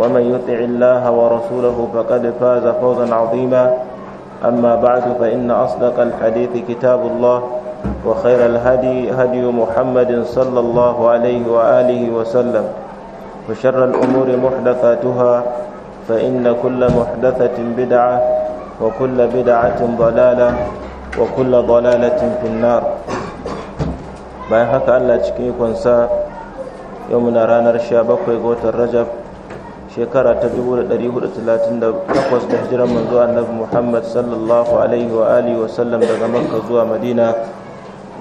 ومن يطع الله ورسوله فقد فاز فوزا عظيما أما بعد فإن أصدق الحديث كتاب الله وخير الهدي هدي محمد صلى الله عليه وآله وسلم وشر الأمور محدثاتها فإن كل محدثة بدعة وكل بدعة ضلالة وكل ضلالة في النار bayan haka Allah cikin ikonsa yau muna ranar 17 ga watan Rajab shekara ta 438 da hijiran manzo annabi Muhammad sallallahu alaihi wa alihi wa sallam daga Makka zuwa Madina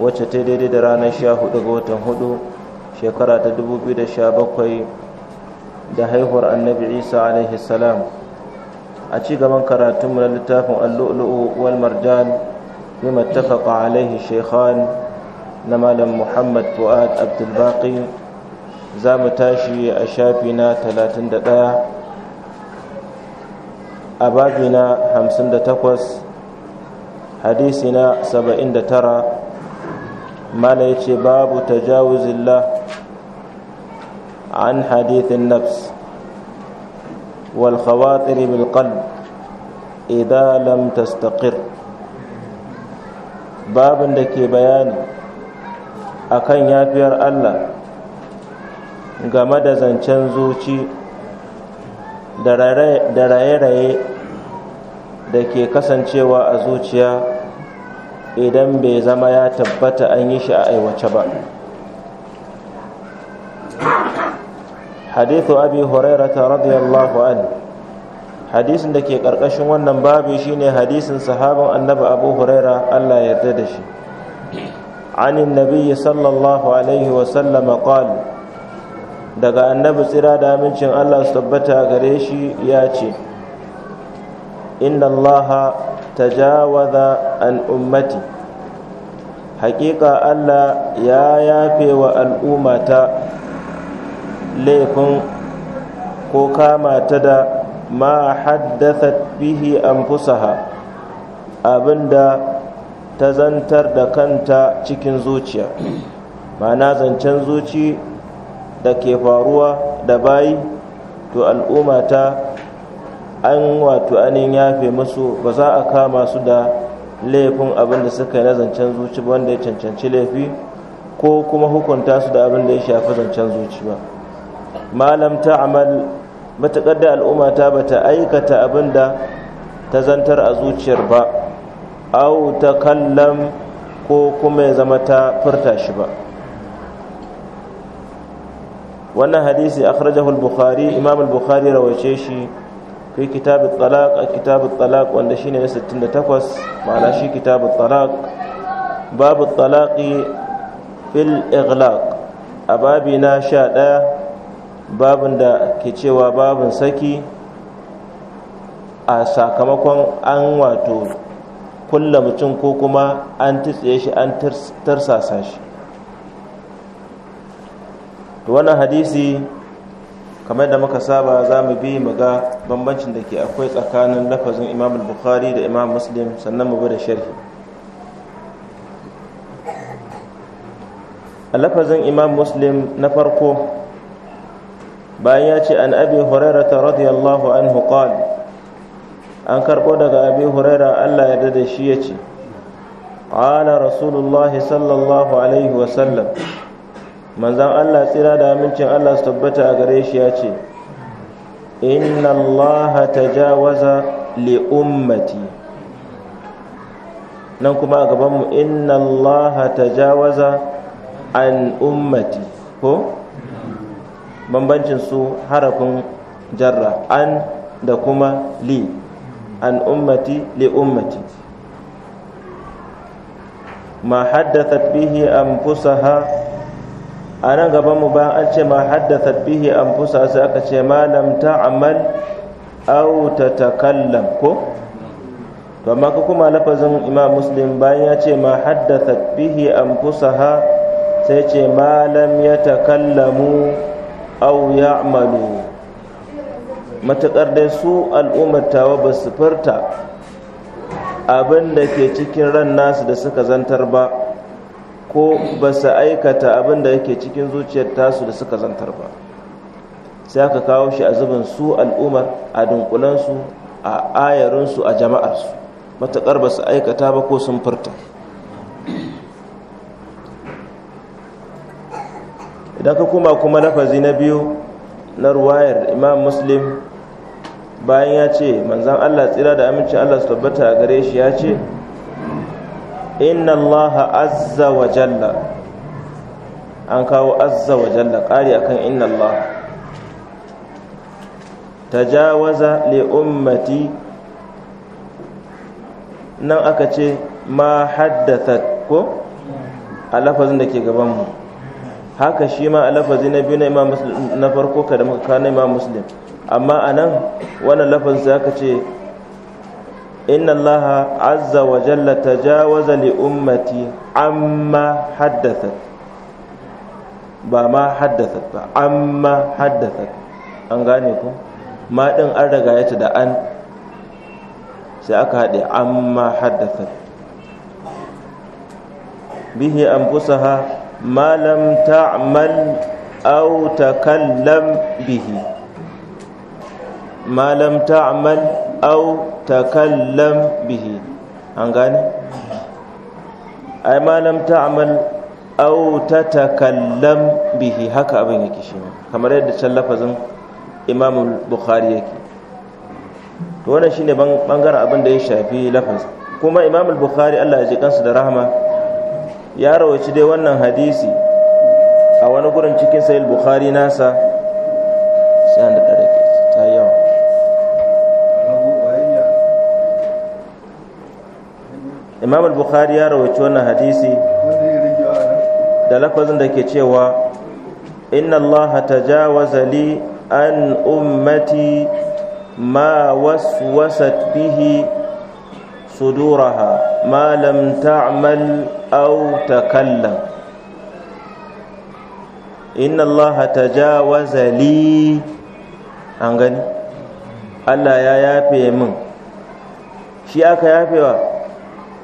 wacce ta daidai da ranar 14 ga watan 4 shekara ta 2017 da haihuwar annabi Isa alaihi salam a ci gaban karatun na littafin al wal marjan bima ittafaqa alaihi shaykhan na malam Muhammad Fuad Abdul Baqi za mu tashi a shafi na 31 a babi na 58 hadisi na 79 mana ya ce babu tajawuzillah an hadithin nafs والخواطر بالقلب إذا لم تستقر باب da ke bayani akan yafiyar Allah game da zancen zuci da raye-raye da ke kasancewa a zuciya idan bai zama ya tabbata an yi shi a aiwace ba hadithu abi ta radiyallahu an hadisin da ke karkashin wannan babu shine hadisin sahabin annabi abu huraira allah yarda da shi عن النبي صلى الله عليه وسلم قال daga annabi tsira da amincin Allah su tabbata gare shi ya ce inna ta tajawaza an ummati haƙiƙa Allah ya yafe wa al'ummata laifin ko kama ta da ma haddasa bihi abin abinda ta zantar da kanta cikin zuciya na zancen zuci da ke faruwa da bayi to al'umma ta an wato anin yafe musu ba za a kama su da laifin abin da suka yi na zancen zuci ba wanda ya cancanci laifi ko kuma hukunta su da abin da ya shafi zancen zuci ba malam ta amal matuƙar da al'umma ta ba ta aikata abin da ta zantar a zuciyar ba au ta kallam ko kuma ya zama ta furta shi ba wannan hadisi akhrajahu al-bukhari imam al-bukhari rawace shi fi kitab at-talaq kitab at-talaq wanda shine na 68 ma'ana shi kitab at-talaq babu at-talaqi fil ighlaq a babi na 11 babin da ke cewa babin saki a sakamakon an wato kulla mutum ko kuma an titsiye shi an tarsasa shi to wannan hadisi kamar da muka saba za mu bi mu ga bambancin da ke akwai tsakanin lafazin imam bukhari da imam muslim sannan mu bi da sharhi a lafazin imam muslim na farko bayan ya ce an abi ta radiyallahu anhu qala an karɓo daga abi huraira allah ya da shi ya ce ala rasulullahi sallallahu alaihi wasallam manzan Allah tsira da amincin Allah su tabbata a gare shi ya ce inna Allah tajawaza waza li'ummati nan kuma a gabanmu inna Allah tajawaza an ummati ko bambancin su harafin jarra an da kuma li an ummati li ummati ma an bihi anfusaha a nan gaban mu bayan an ce ma haddasa bihi an fusa sai aka ce ma lam au aw takallam ko to amma ko kuma lafazin imam muslim ba ya ce ma haddasa bihi an fusaha sai ce ma lam yatakallamu aw amalu matakar dai su al'ummar tawa ba su furta abin da ke cikin ran nasu da suka zantar ba ko ba su aikata abin da yake cikin zuciyar tasu da suka zantar ba sai aka kawo shi a zubin su al'umar a dunkulansu a ayarinsu a jama'arsu matuƙar ba su aikata ba ko sun furta idan ka kuma kuma lafazi na biyu na ruwayar imam muslim bayan ya ce manzan allah tsira da amincin allah su tabbata a gare shi ya ce inna Allah azza wa jalla an kawo azza wa jalla ƙari akan inna Allah tajawaza li ummati nan aka ce ma haddatha ko a lafazin da ke gabanmu haka shi ma a lafazi na biyu na farko ka da muka kana imam muslim amma a nan wannan lafazin sai aka ce inna Allah azza wa jalla tajawaza ummati amma haddathat ba ma haddathat ba amma haddathat an gane ku ma din an riga ya da an sai aka haɗe amma haddathat bihi bihi au takallam bihi an gane ai malam ta'amal au tatakallam bihi haka abin yake shi ne. kamar yadda can lafazin imam bukhari yake to wannan shine bangaren abin da ya shafi lafaz kuma imam bukhari Allah ya ji kansa da rahama ya rawaci dai wannan hadisi a wani gurin cikin sahih bukhari nasa imam al-bukhari ya rawaci wannan hadisi da lafazin da ke cewa inna allaha tajawaza li an ummati ma waswasat bihi suduraha ma lam ta'mal aw takallam inna allaha tajawaza li an gani Allah ya yafe min shi aka yafewa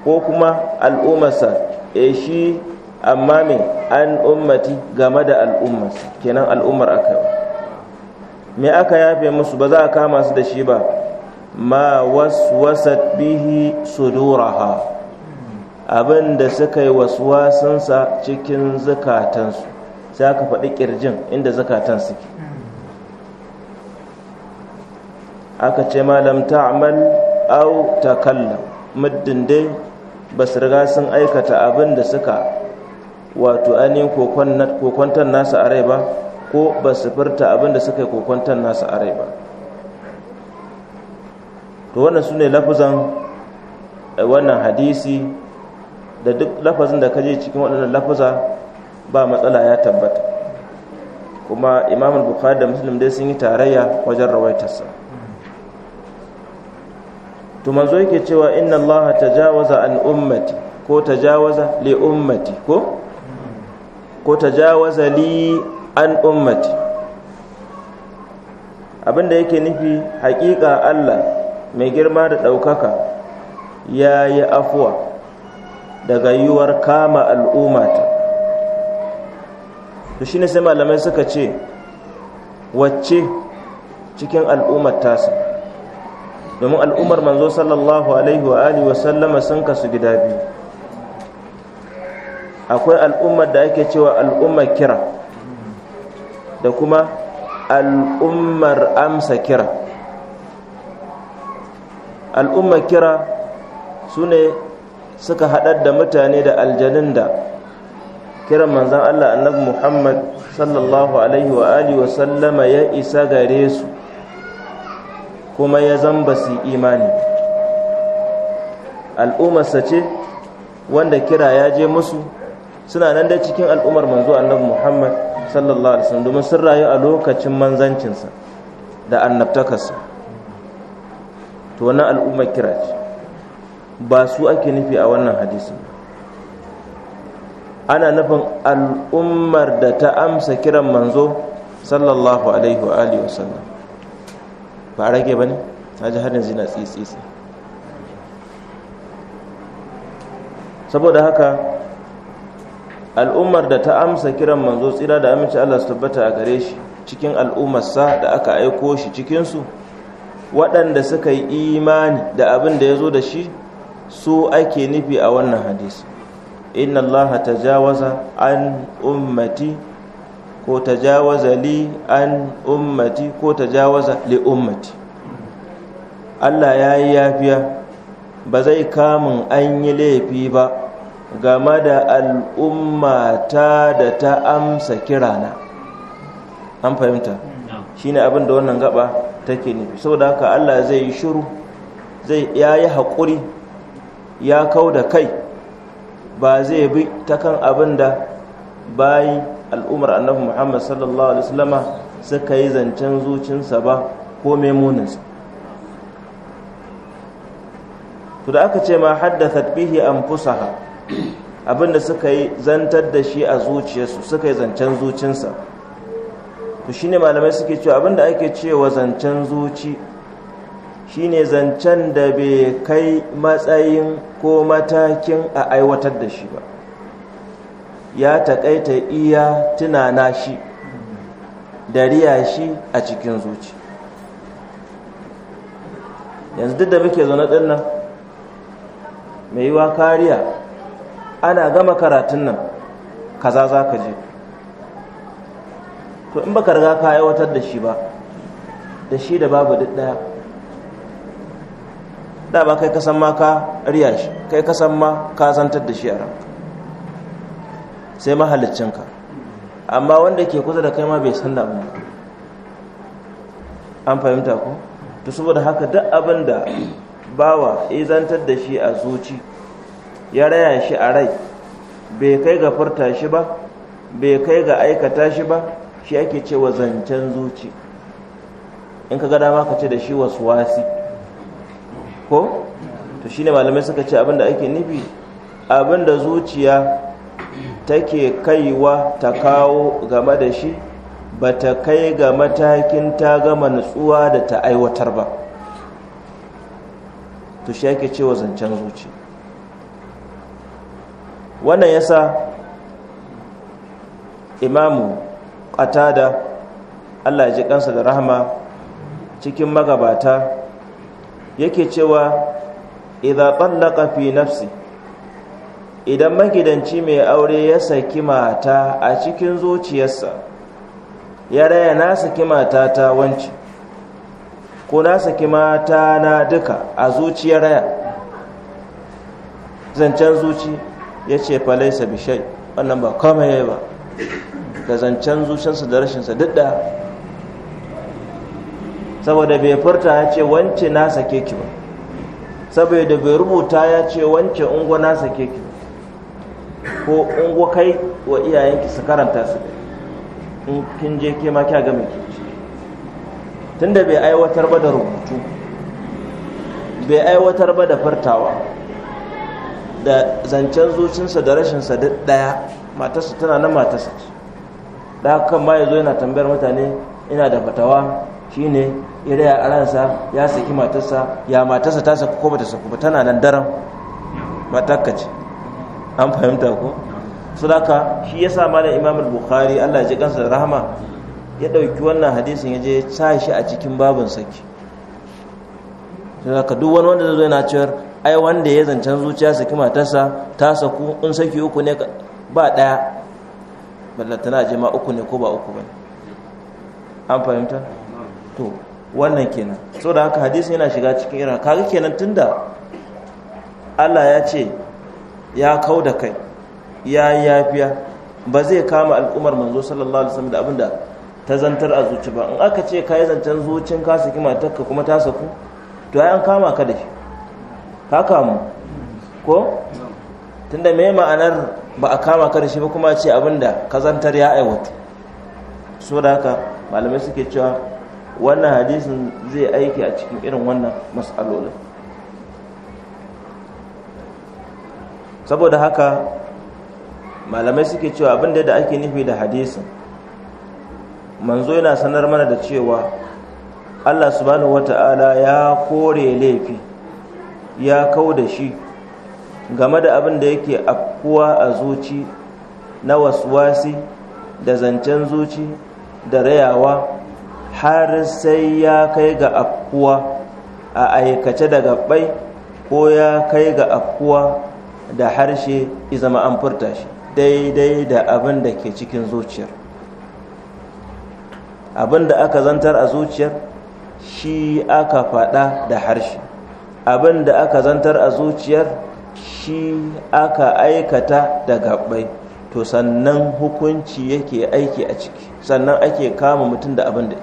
ko kuma al'ummarsa e shi amma me an ummati game da al'ummarsa kenan al'ummar aka me aka yafe musu ba za a kama su da shi ba ma waswasat bihi suduraha abin da suka yi waswasansa cikin zukatansu sai aka faɗi ƙirjin inda zakatan suke aka ce malam amal au takalla muddin dai ba su riga sun aikata abin da suka wato ainihin kokwantar nasu a rai ba ko ba su furta abin da suka yi kokwantar nasa a rai ba to wannan su ne lafazan eh, wannan hadisi da duk lafazin da kaje cikin waɗannan lafaza ba matsala ya tabbata kuma imamul bukhari da muslim dai sun yi tarayya wajen rawaitarsa to manzo yake cewa inna allaha tajawaza an ummati ko tajawaza li ummati ko ko tajawaza li an ummati abinda yake nufi haƙiƙa Allah mai girma da ɗaukaka ya yi afuwa daga yiwuwar kama al'ummata to shine sai malamai suka ce wacce cikin al'ummar domin al'ummar manzo sallallahu alaihi wa alihi wa sallama sun kasu gida biyu akwai al'ummar da ake cewa al'ummar kira da kuma al'ummar amsa kira al'ummar kira su ne suka haɗar da mutane da aljanin da kiran manzan Allah annabi Muhammad sallallahu alaihi wa alihi wa sallama ya isa gare su kuma ya zamba su imani al'ummarsa ce wanda kira ya je musu suna nan da cikin al'ummar manzo annabi muhammad sallallahu alaihi wasallam domin sun rayu a lokacin manzancinsa da annabtakarsa to wannan al'ummar kira ce ba su ake nufi a wannan hadisin ana nufin al'ummar da ta amsa kiran manzo sallallahu alaihi wa alihi wasallam ba a rage ba ne na ji harin zina tsitsitsi saboda haka al'ummar da ta amsa kiran manzo tsira da aminci Allah su tabbata a gare shi cikin al'ummarsa da aka aiko shi cikinsu waɗanda suka yi imani da abin da ya zo da shi su ake nufi a wannan hadisi inna allaha jawaza an ummati ko ta tajawaza li an ummati ko ta tajawaza li ummati Allah ya yi yafiya ba zai kamun an yi laifi ba game da al'ummata da ta amsa kirana an fahimta Shi ne abin da wannan gaba take ne, saboda haka Allah zai yi shiru zai ya yi haƙuri ya kau da kai ba zai bi ta kan abin da bayi al'umar annabi muhammad sallallahu alaihi wasallama suka yi zancen zucinsa ba ko memuninsa to da aka ce ma haddathat bihi anfusaha abinda suka yi zantar da shi a zuciyarsu suka yi zancen zucinsa to shine malamai suke cewa abinda ake cewa zancen zuci shine zancen da bai kai matsayin ko matakin a aiwatar da shi ba ya taƙaita iya tunana shi da riya shi a cikin zuci yanzu duk da muke zaune ɗin nan mai yiwa kariya ana gama karatun nan kaza za ka je to in baka riga ka aiwatar da shi ba da shi da babu duk ɗaya da ba kai kasan ma ka riya shi kai kasan ma ka zantar da shi a ranka sai mahaliccinka amma wanda ke kusa da kai ma bai san da an fahimta ko to saboda haka duk abin da bawa izantar da shi a zuci ya raya shi a rai bai kai ga furta shi ba bai kai ga aikata shi ba shi ake cewa zancen zuci in ka gada maka ce da shi wasu wasi, ko to shine malamai suka ce abinda ake nufi abinda zuciya take kaiwa ta kawo game da shi ba ta kai ga matakin ta gama nutsuwa da ta aiwatar ba to shi yake cewa zancen zuci wannan yasa imamu qatada Allah ya ji kansa da rahama cikin magabata yake cewa idza tallaqa fi nafsi idan magidanci mai aure ya saki mata a cikin zuciyarsa ya raya na saki mata ta wance ko na saki mata na duka a zuciyar raya zancen zuci ya ce falaisa bishai wannan ba kama ya ba da zancen zuciyarsa da rashinsa duk da saboda bai furta ya ce wance na sake ki ba saboda bai rubuta ya ce wance ungo na sake ki ko in kai wa iyayenki su karanta su in kin je ke ma kya ga mai tunda bai aiwatar ba da rubutu bai aiwatar ba da fartawa da zancen zucinsa da rashinsa duk ɗaya matarsa tana na matarsa ce da haka ma ya zo yana tambayar mutane ina da fatawa shine ire a ransa ya saki matarsa ya matarsa ta saku ko bata saku ba tana nan daren matakka ce an fahimta ko sadaka shi yasa malam imam al-bukhari Allah ya ji kansa da rahama ya dauki wannan hadisin ya je ya sa shi a cikin babin saki sadaka duk wani wanda zai zo yana cewa ai wanda ya zancen zuciya saki matarsa ta saku in saki uku ne ba daya ballantana je ma uku ne ko ba uku bane an fahimta to wannan kenan saboda haka hadisin yana shiga cikin irin kaga kenan tunda Allah ya ce ya kau da kai ya yafiya ba zai kama al'ummar manzo sallallahu alaihi wasallam da abinda ta zantar a zuci ba in aka ce ka yi zancen zucin ka saki matarka kuma ta saku to ai an kama ka da shi ka kamu ko tunda me ma'anar ba a kama ka da shi ba kuma ce abinda ka zantar ya aiwatu so da haka malamai suke cewa wannan hadisin zai aiki a cikin irin wannan mas'alolin saboda haka malamai suke cewa abin da ake nufi da hadisi. manzo yana sanar mana da cewa Allah subhanahu wata'ala ya kore laifi ya kau da shi game da abin da yake afkuwa a zuci na waswasi da zancen zuci da rayawa har sai ya kai ga afkuwa a aikace daga gabbai ko ya kai ga afkuwa da harshe izama an furta shi daidai da abin da ke cikin zuciyar abin da aka zantar a zuciyar shi aka fada da harshe abin da aka zantar a zuciyar shi aka aikata da gabbai to sannan hukunci yake aiki a ciki sannan ake kama mutum da abin da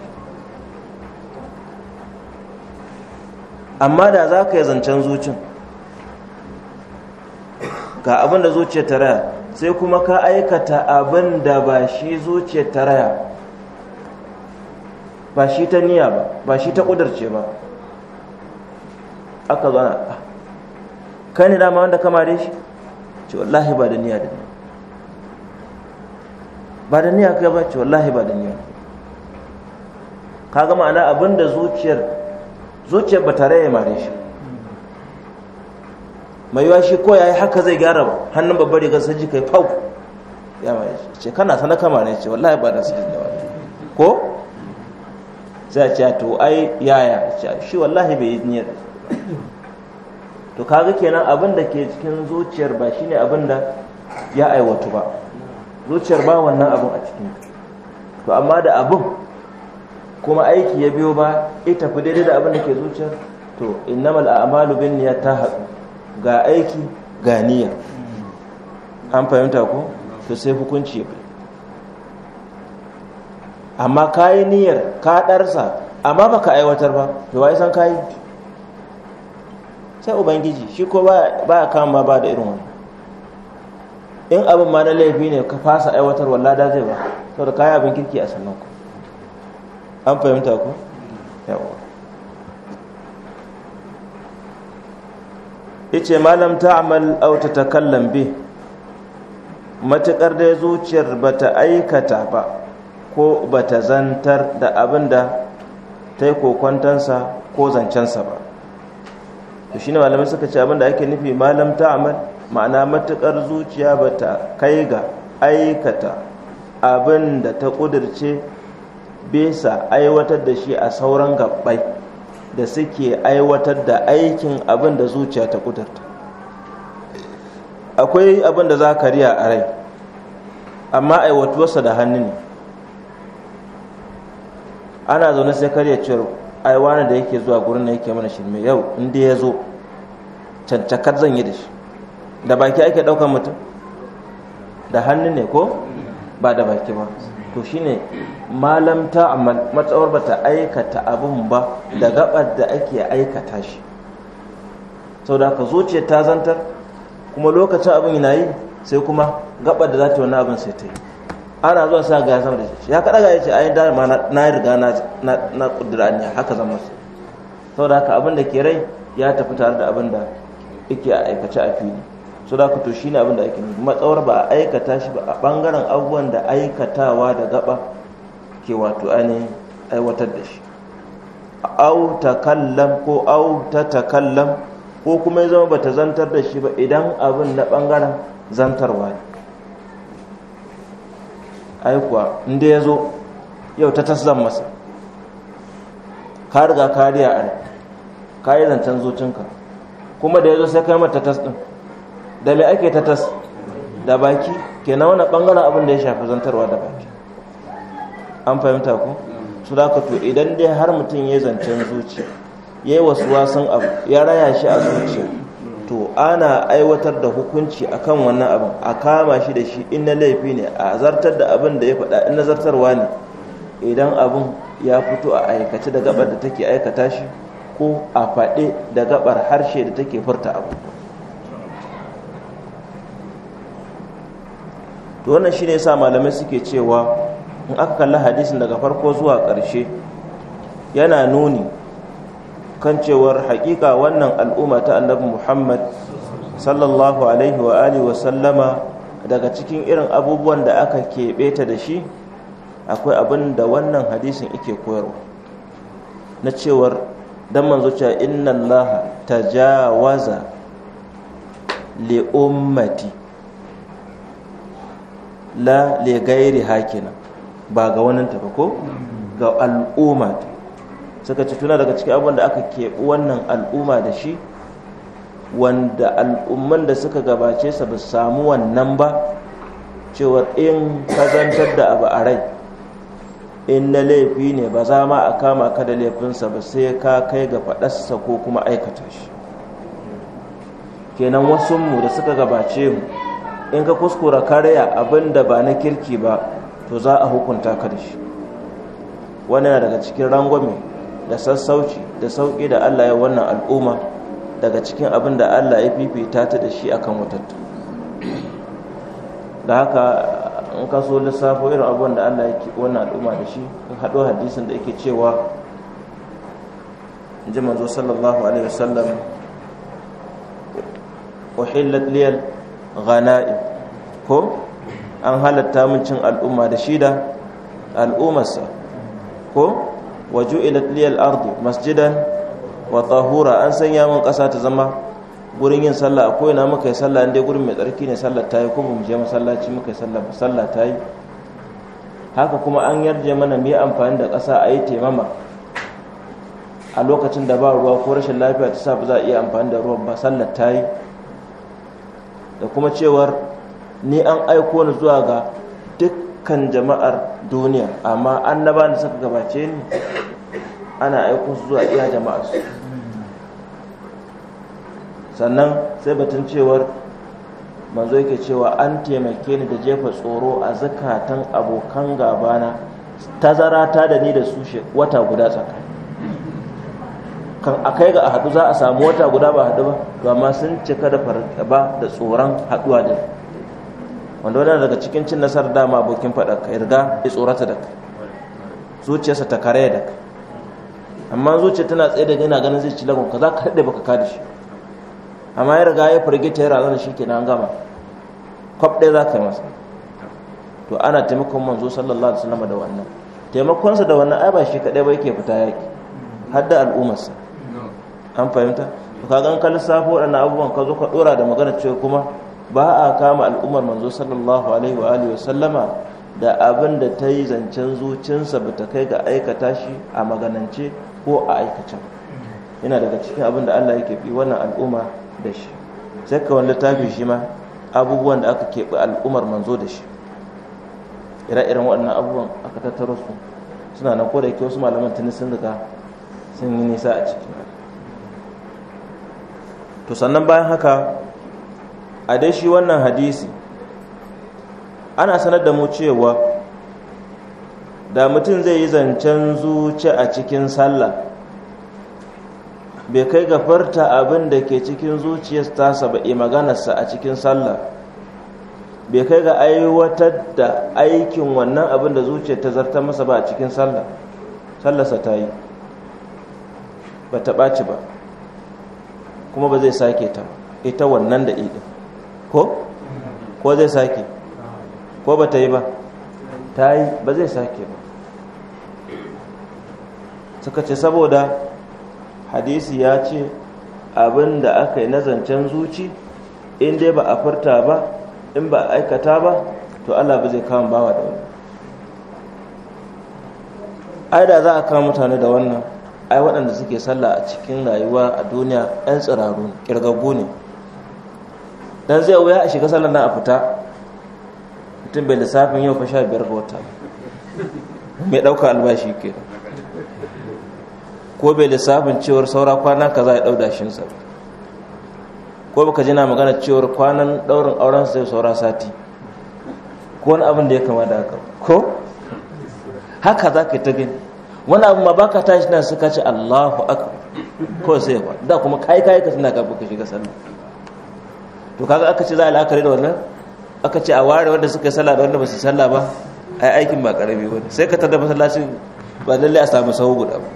amma da za ka yi zancen zuciyar ga abin da zuciyar ta raya sai kuma ka aikata abin da ba shi zuciyar ta raya ba shi ta niyya ba ba shi ta ƙudurce ba aka zo na ah, ka ne dama wanda kama da shi ce wallahi ba da niyya da niyya ba da niyya kai ba ce wallahi ba da niyya ka gama ana abin da zuciyar zuciyar ba ta raya mare shi mai yiwa shi ko yi haka zai gyara ba hannun babbar rigar sun ji kai fauk ya mai ce kana sana kama ne ce wallahi ba da su da wani ko sai a ce to ai yaya shi wallahi bai yi niyyar to kaga kenan abin da ke cikin zuciyar ba shine abin da ya aiwatu ba zuciyar ba wannan abin a cikin to amma da abin kuma aiki ya biyo ba ita fi daidai da abin da ke zuciyar to innamal a'malu bin niyyat ta haɗu ga aiki ga niyya an fahimta ko to sai hukunci ya amma ka yi niyyar ka ɗarsa amma baka aiwatar ba to wai san ka yi sai ubangiji shi ko ba ya kama ba da irin wani in abin ma na laifi ne ka fasa aiwatar wallada zai ba saboda kayi abin kirki a sannan ku an fahimta ku yawa yace malam auta ta tatakallam bi matakar da zuciyar bata aikata ba ko bata zantar da abin da ta yi kokwantansa ko zancensa ba to shine malamai suka ce abin da ake nufi malam amal ma'ana matakar zuciya bata kai ga aikata abin da ta kudirce besa aiwatar da shi a sauran gabbai da suke aiwatar da aikin abin da zuciya ta kudurta akwai abin da za ka riya a rai amma aiwatuwarsa da hannu ne ana zaune sai karya cewar ai wani da yake zuwa gurin da yake mana shirme yau inda ya zo cancakar zan yi da shi da baki ake ɗaukar mutum da hannu ne ko ba da baki ba to shine malam ta amma matsawar bata aikata abin ba da gabar da ake aikata shi sau da ka zuciya ta zantar kuma lokacin abin yana yi sai kuma gabar da za ta wani abin sai ta yi ana zuwa sa ga sama da shi ya kaɗa ga ya ce a yi dama na riga na ƙudura ne haka zama su sau da ka abin da ke rai ya tafi tare da abin da ake a aikace a fili Su da to shine abin da ake nufi matsawar ba a aikata shi ba a bangaren abubuwan da aikatawa da gaba ke wato ainihin aiwatar da shi au takallam ko au ta takallam ko kuma ya zama bata zantar da shi ba idan abin na bangaren zantarwa ne aikuwa inda ya zo yau ta zan masa ka riga kariya a ka yi zancen zocinka kuma da ya zo sai kai mata tas ɗin da mai ake tatas da baki ke na wani bangaren abin da ya shafi zantarwa da baki an fahimta ku su da to idan dai har mutum ya zancen zuciya ya yi wasu wasan abu ya raya shi a zuciya to ana aiwatar da hukunci a kan wannan abin a kama shi da shi in na laifi ne a zartar da abin da ya faɗa in na zartarwa ne idan abin ya fito a aikace da gabar da take aikata shi ko a faɗe da gabar harshe da take furta abu to wannan shine yasa malamai suke cewa in aka kalla hadisin daga farko zuwa ƙarshe yana nuni kan cewar haƙiƙa wannan al'umma ta annabi muhammad sallallahu alaihi wa alihi wa sallama daga cikin irin abubuwan da aka keɓe ta da shi akwai abin da wannan hadisin yake koyarwa na cewar dan manzo cewa inna allaha tajawaza li ummati la le gairi hakina ba ga wannan ta ko ga al'umma ta suka ci tuna daga cikin abin da aka keɓi wannan al'umma da shi wanda al'umman da suka gabace sa ba samu wannan ba cewa in kazantar da abu a rai in na laifi ne ba za ma a kama ka da laifinsa ba sai ka kai ga faɗarsa ko kuma aikata shi kenan wasu mu da suka gabace mu in ka kuskura karya abin da ba na kirki ba to za a hukunta ka da shi wani na daga cikin rangwame da sassauci da sauƙi da allah ya wannan al'umma daga cikin abin da allah ya fifita ta da shi akan watattu da haka in ka so lissafo irin abubuwan da allah ya ke wannan al'umma da shi in haɗo hadisin da yake cewa in ji manzo sallallahu alaihi wasallam uhillat liyal ghana'im ko an halatta min cin al'umma da shida al'ummarsa ko waju liyal ardu masjidan wa tahura an sanya min ƙasa ta zama gurin yin sallah ko ina muka yi sallah inda gurin mai tsarki ne sallah ta yi ko mu je masallaci muka yi sallah ba sallah ta yi haka kuma an yarje mana mu yi amfani da ƙasa a yi taimama a lokacin da ba ruwa ko rashin lafiya ta sa ba za a iya amfani da ruwan ba sallah ta yi da kuma cewar ni an aiko ni zuwa ga dukkan jama'ar duniya amma annaba da suka gabace ni ana aiko su zuwa iya jama'ar su sannan sai batun cewar manzo yake cewa an taimake ni da jefa tsoro a zakatan abokan gabana tazara ta da ni da su wata guda tsakani kan a kai ga a haɗu za a samu wata guda ba haɗu ba to amma sun cika da fargaba da tsoron haɗuwa da wanda wani daga cikin cin nasarar dama abokin faɗa ka riga ya tsorata da zuciyarsa ta kare da ka. amma zuciya tana tsaye da yana ganin zai ci lagun ka za ka daɗe baka kada shi amma ya riga ya firgita ya razana shi kenan an gama kwaf ɗaya za ka yi masa to ana taimakon manzo sallallahu alaihi wasallam da wannan taimakonsa da wannan ai ba shi kaɗai ba yake fita yaƙi har da al'ummarsa an fahimta to kaga an ka safo waɗannan abubuwan ka zo ka ɗora da magana cewa kuma ba a kama al'ummar manzo sallallahu alaihi wa alihi wasallama da abin da ta yi zancen zuciyarsa, ba ta kai ga aikata shi a maganance ko a aikace yana daga cikin abin da Allah yake bi wannan al'umma da shi sai ka wani littafi shi ma abubuwan da aka keɓe al'ummar manzo da shi ire-iren waɗannan abubuwan aka tattaro su suna nan ko wasu malaman tuni sun riga sun yi nisa a ciki to sannan bayan haka a dai shi wannan hadisi ana sanar da mu cewa da mutum zai yi zancen zuci a cikin sallah bai kai ga farta abin da ke cikin zuciyar tasa ba maganarsa a cikin sallah bai kai ga aiwatar da aikin wannan abin da zuciyar ta zarta masa ba a cikin sallah sallarsa ta yi ba ta ɓaci ba kuma ba zai sake ta ita wannan da idin ko ko zai sake ko ba ta yi ba ta yi ba zai sake ba suka ce saboda hadisi ya ce abin da aka yi nazancen zuci in dai ba a furta ba in ba a aikata ba to allah ba zai kama bawa da wani ai da za a kama mutane da wannan ai waɗanda suke sallah a cikin rayuwa a duniya ɗan tsirarru ƙirgaggu ne dan zai wuya a shiga sallah nan a fita mutum bai lissafin yau fa sha biyar ga wata mai ɗauka albashi ke ko bai lissafin cewar saura kwana ka za a ɗau dashinsa ko baka jina magana cewar kwanan ɗaurin auren sai saura sati ko wani abin da ya kama da haka ko haka za ka yi ta gani wani abu ma baka tashi nan suka ce Allahu akbar ko sai ba da kuma kai kai ka tana kafin ka shiga sallah to kaga aka ce za a la'akari da wannan aka ce a ware wanda suka yi sallah da wanda ba su sallah ba ai aikin ba karami wani sai ka tada masallacin ba lalle a samu sahu guda ba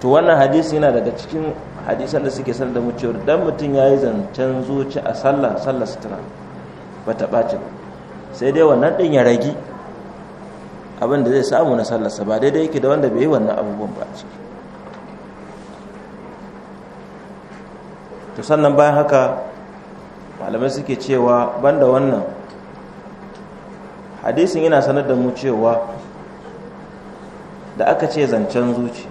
to wannan hadisi yana daga cikin hadisan da suke sanar da mu cewa dan mutum ya yi zancen zuci a sallah sallah sutura ba ta ɓaci sai dai wannan ɗin ya ragi abin da zai samu na sallarsa ba daidai yake da wanda bai yi wannan abubuwan ba ce to sannan bayan haka malamai suke cewa banda wannan hadisin yana sanar da mu cewa da aka ce zancen zuci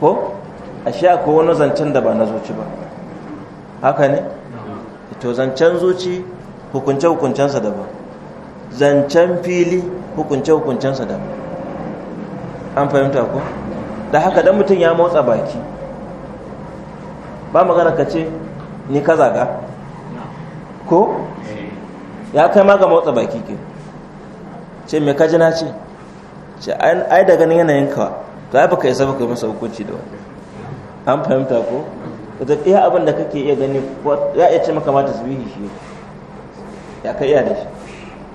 ko a ashe akwai wani zancen da ba na zuci ba haka ne to zancen zuci hukunce-hukuncensa daban zancen fili hukunce hukuncensa da an fahimta ko da haka dan mutum ya motsa baki ba magana ka ce ni ka zaga ko ya kai ma ga motsa baki ke ce me kaji na ce ce ai da ganin yanayin ka to ai baka isa baka yi masa hukunci da wani an fahimta ko da iya abin da kake iya gani ya iya ce maka su tasbihi shi ya kai iya da shi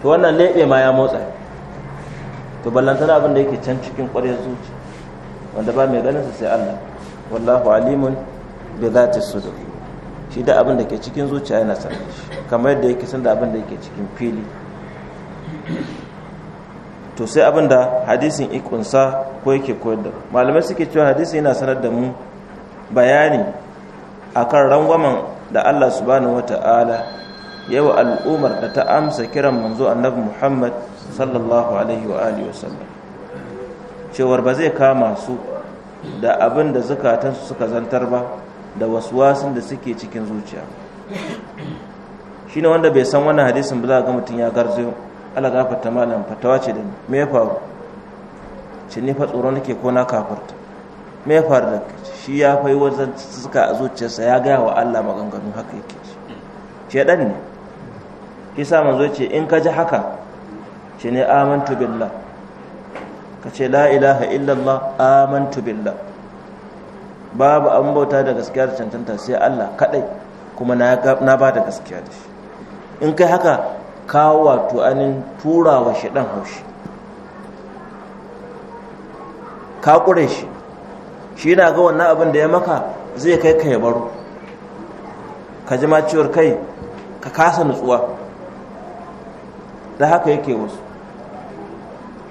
to wannan lebe ma ya motsa to ballantana abin da yake can cikin ƙwaryar zuci wanda ba mai ganin su sai Allah wallahu alimun bi zati sudur shi da abin da ke cikin zuciya yana sanin shi kamar yadda yake san da abin da yake cikin fili to sai abin da hadisin ikunsa ko yake koyar da malamai suke cewa hadisi yana sanar da mu bayani akan rangwamen da Allah subhanahu wata'ala yawa al'ummar da ta amsa kiran manzo annabi Muhammad sallallahu alaihi wa alihi wasallam cewar ba zai kama su da abin da zukatansu suka zantar ba da waswasin da suke cikin zuciya shine wanda bai san wannan hadisin ba za ga mutum ya garzo Allah gafarta malam fatawa ce da me ya faru ce ne fa tsoro nake ko na kafarta me ya faru da shi ya fai wajen suka a zuciyarsa ya gaya wa Allah maganganu haka yake shi shedan ne kisa manzo ce in ka ji haka shi ne amantu billah ka ce la ilaha illallah amantu billah babu an bauta da gaskiya da cancanta sai Allah kadai kuma na ba da gaskiya da shi in kai haka kawo wato anin tura shi dan haushi ka kure shi shi na ga wannan abin da ya maka zai kai ka ya baro ka ji ma cewar kai ka kasa nutsuwa da haka yake wasu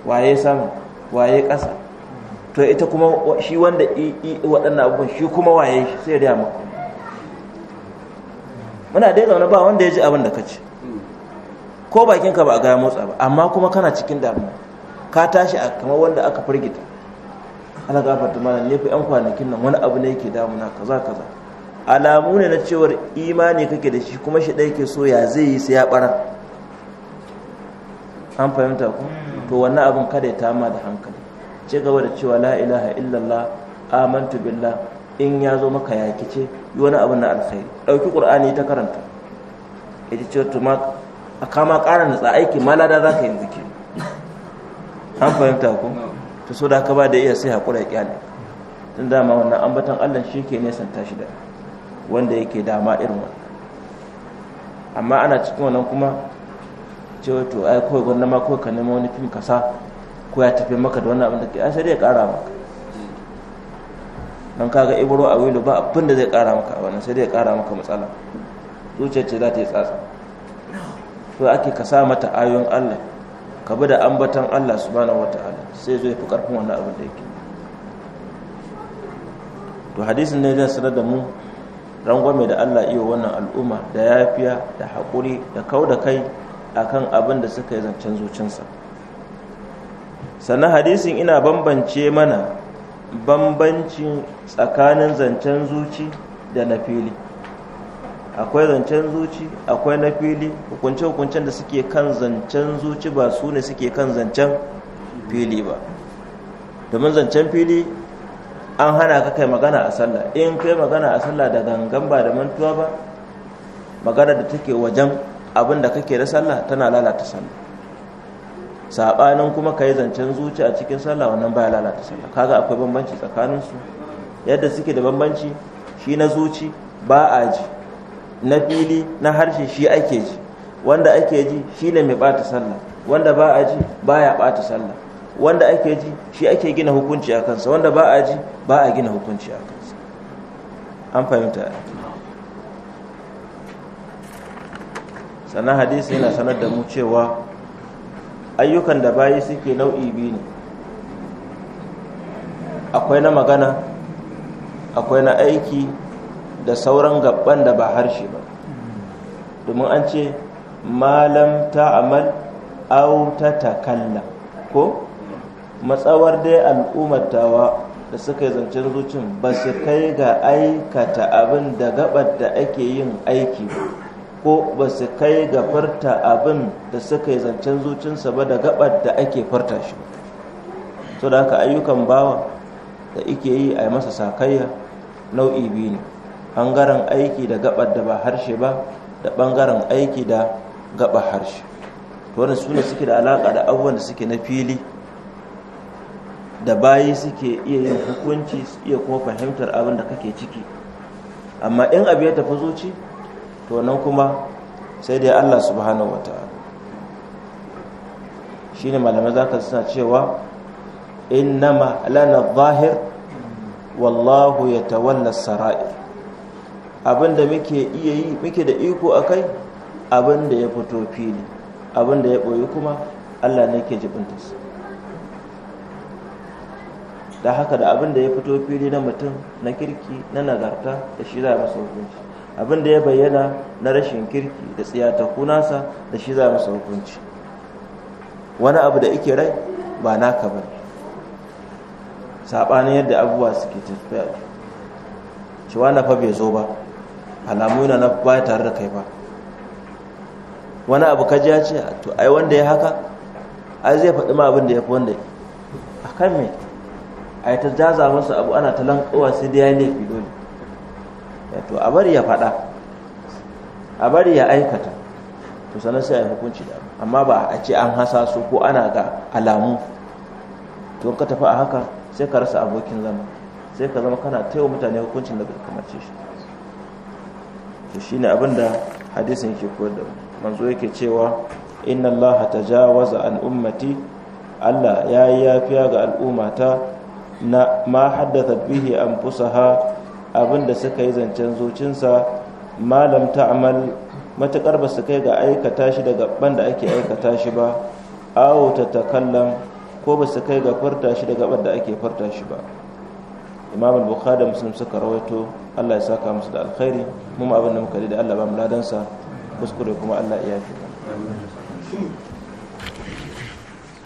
waye sama waye ƙasa to ita kuma shi wanda waɗannan abubuwan shi kuma waye shi sai da maka muna dai zaune ba wanda ya ji abin da ka ce ko bakinka ba a gaya motsa ba amma kuma kana cikin damuwa ka tashi a kamar wanda aka firgita ana gafarta mana ne fi yan kwanakin nan wani abu ne yake damuna kaza kaza alamu ne na cewar imani kake da shi kuma shi ɗaya ke so ya zai yi sai ya ɓara an fahimta ku to wannan abin kada ya tama da hankali ce gaba da cewa la ilaha illallah amantu billah in ya zo maka ya kice yi wani abin na alkhairi ɗauki ƙur'ani ta karanta ita ce to ma a kama ƙara nutsa aiki malada za ka yi zikiri an fahimta ku to so da haka ba da iya sai haƙura ya ƙyale tun dama wannan ambatan allah shi ke nesan tashi da wanda yake dama irin wannan amma ana cikin wannan kuma cewa to ai kawai gwanda ma kawai ka nemo wani fim kasa ko ya tafi maka da wannan abin da ke ai sai dai ya kara maka don kaga ibro a wilo ba abin da zai kara maka wannan sai dai ya kara maka matsala zuciyar ce za ta yi tsatsa to ake ka sa mata ayoyin Allah ka bi da ambatan Allah subhanahu ta'ala sai zo ya fi karfin wannan abin da yake to hadisin ne zai sanar da mu rangwame da Allah iya wannan al'umma da yafiya da haƙuri da kau da kai akan abin da suka yi zancen zuciyarsa. sannan hadisin ina bambance mana bambanci tsakanin zancen zuci da na fili akwai zancen zuci akwai na fili hukunce-hukuncen da suke kan zancen zuci ba su ne suke kan zancen fili ba domin zancen fili an hana ka kai magana a sallah in kai magana a sallah da gangan ba da mantuwa ba magana da take wajen abin da kake da sallah tana lalata sallah sabanin kuma ka yi zancen zuci a cikin sallah wannan baya lalata sallah kaga akwai bambanci tsakanin su yadda suke da bambanci shi na zuci ba a ji na fili na harshe shi ake ji wanda ake ji shi ne mai bata sallah wanda ba a ji baya bata sallah wanda ake ji shi ake gina hukunci a kansa wanda ba a ji ba a gina hukunci a kansa an fahimta sannan hadisi yana sanar da mu cewa ayyukan da bayi suke nau'i biyu ne akwai na magana akwai na aiki da sauran gaɓan da ba harshe ba domin an ce malam ta amal au ta takalla ko matsawar dai al'ummatawa da suka yi zancen zucin ba su kai ga aikata abin da gabar da ake yin aiki ba ko ba su kai ga furta abin da suka yi zancen zucinsa ba da gabar da ake furta shi so da haka ayyukan bawa da ike yi a masa sakayya nau'i biyu ne ɓangaren aiki da gabar da ba harshe ba da ɓangaren aiki da gaba harshe Wani su ne suke da alaƙa da abubuwan da suke na fili da bayi suke iya yin hukunci iya kuma fahimtar abin da kake ciki amma in abu ya tafi zuci to nan kuma sai dai Allah subhanahu wata'ala shine malamai zaka suna cewa innama lana zahir wallahu yatawalla sarai abinda muke iya yi muke da iko akai abinda ya fito fili abinda ya boyi kuma Allah ne ke jibinta su da haka da abinda ya fito fili na mutum na kirki na nagarta da shi za a masu hukunci abin da ya bayyana na rashin kirki da tsiyata kunasa da shi za masa hukunci wani abu da ike rai ba ka ba saɓanin yadda abubuwa suke tafiya cewa na fa bai zo ba alamu na ba tare da kai ba wani abu ka ja ce to ai wanda ya haka ai zai faɗi ma abin da ya fi wanda a kan me ai ta jaza masa abu ana ta lankowa sai da ya laifi dole Eh, to a bari ya faɗa a bari ya aikata to sanar sai a hukunci da amma ba a ce an hasa su ko ana ga alamu to ka tafi a haka sai ka rasa abokin zama sai ka zama kana taiwa mutane hukuncin da kamar ce shi to shine abin hadisin yake koyar da manzo yake cewa inna Allah tajawaza an ummati Allah ya yafiya ga al'ummata na ma haddatha bihi anfusaha abin da suka yi zancen zocinsa malam ta amal matakar ba su kai ga aikata shi daga banda ake aikata shi ba awo ta takallam ko ba su kai ga farta shi daga banda ake farta shi ba imam al-bukhari da muslim suka rawaito Allah ya saka musu da alkhairi mu abin da muka da Allah ba mu ladansa kuskure kuma Allah ya yafe